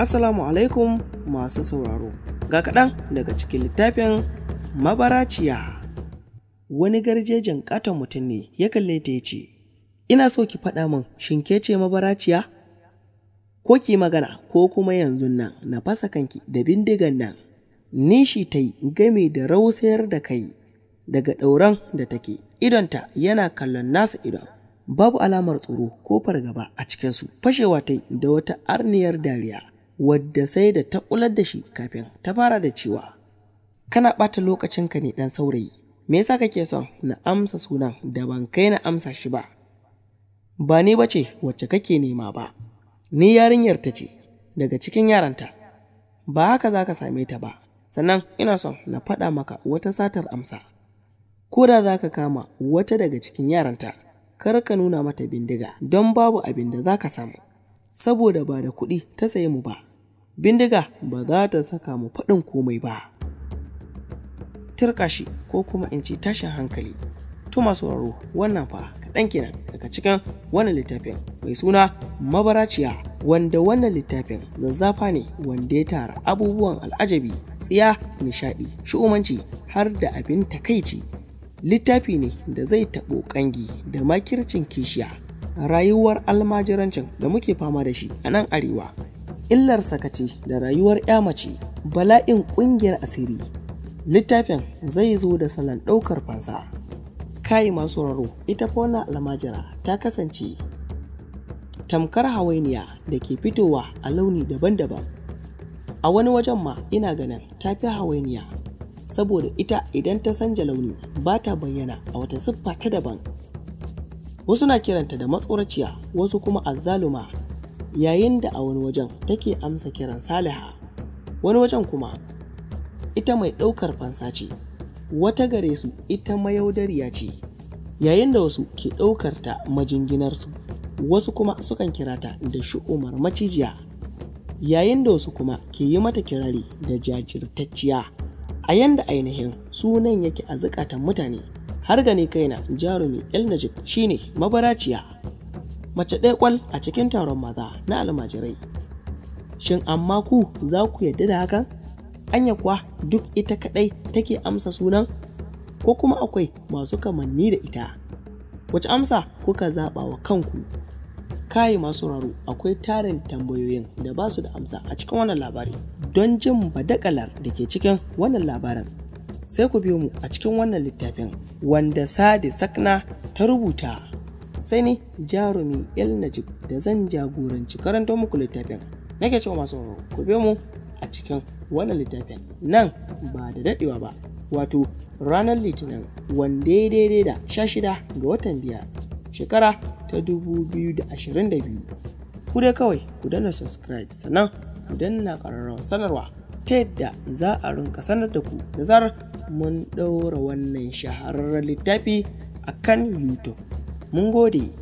Assalamu alaikum masu sauraro, ga kaɗan daga cikin littafin mabaraciya. Wani garjejin ƙaton mutum ne ya kalle ta ya ce, Ina so ki faɗa min shin ke ce mabaraciya? Ko ki magana ko kuma yanzu nan na fasa kanki da bindigan nan. Nishi ta yi game da rausayar da kai daga ɗauran da take, idonta yana kallon nasa idon. Babu alamar tsoro ko fargaba a cikinsu fashewa ta yi da wata arniyar dariya. wadda sai da ta kular da shi kafin ta fara da cewa kana ɓata ka ne ɗan saurayi me yasa kake son na amsa sunan da ban kai na amsa shi ba ba ni bace ce wacce kake nema ba ni yarinyar ta ce daga cikin yaranta ba haka za ka same ta ba sannan ina son na faɗa maka wata satar amsa ko da za ka kama wata daga cikin yaranta kar ka nuna mata bindiga don babu abin da za ka samu saboda ba da kuɗi ta sayi mu ba bindiga ba za ta saka mu faɗin komai ba. Tirƙashi ko kuma in ce tashin hankali. To masu sauraro wannan fa kaɗan kenan daga cikin wannan littafin mai suna mabaraciya wanda wannan littafin zazzafa ne wanda ya tara abubuwan al'ajabi tsiya nishaɗi shi'umanci har da abin takaici littafi ne da zai taɓo ƙangi da makircin kishiya rayuwar almajirancin da muke fama da shi a nan arewa illar sakaci da rayuwar 'ya mace bala'in ƙungiyar asiri littafin zai zo da salon ɗaukar fansa kai masu raro ita fauna almajira ta kasance tamkar hawainiya da ke fitowa a launi daban-daban a wani wajen ma ina ganin ta fi hawainiya saboda ita idan ta sanja launi ba ta bayyana a wata siffa ta daban wasu na kiranta da matsoraciya wasu kuma azzaluma yayin da a wani wajen take amsa kiran Saliha, wani wajen kuma ita mai ɗaukar fansa ce, wata gare su ita mayaudariya ce, yayin da wasu ke ɗaukar ta majinginar su, wasu kuma sukan kira ta da shu'umar macijiya, yayin da wasu kuma ke yi mata kirari da jajirtacciya, a yanda ainihin sunan yake a zukatan mutane, har gani kaina jarumi El Najib shine mabaraciya. mace ɗaya kwal a cikin taron maza na almajirai shin amma ku za ku yadda da hakan anya kuwa duk ita kaɗai take amsa sunan ko kuma akwai masu kamanni da ita wace amsa kuka zaɓa wa kanku Kayi masu raro akwai tarin tambayoyin da ba su da amsa a cikin wannan labari don jin badakalar da ke cikin wannan labarin sai ku biyo mu a cikin wannan littafin wanda sadi sakna ta rubuta sai ni jarumi el najib da zan jagoranci karanto muku littafin nake cewa masu ku biyo mu a cikin wannan littafin nan ba da daɗewa ba wato ranar litinin wanda ya daidai da sha shida ga watan biyar shekara ta da ashirin 2022 ku dai kawai ku danna subscribe sannan ku danna ƙararrawar sanarwa ta yadda za a rinka sanar da ku da zarar mun ɗaura wannan shahararren littafi a kan youtube Mun gode.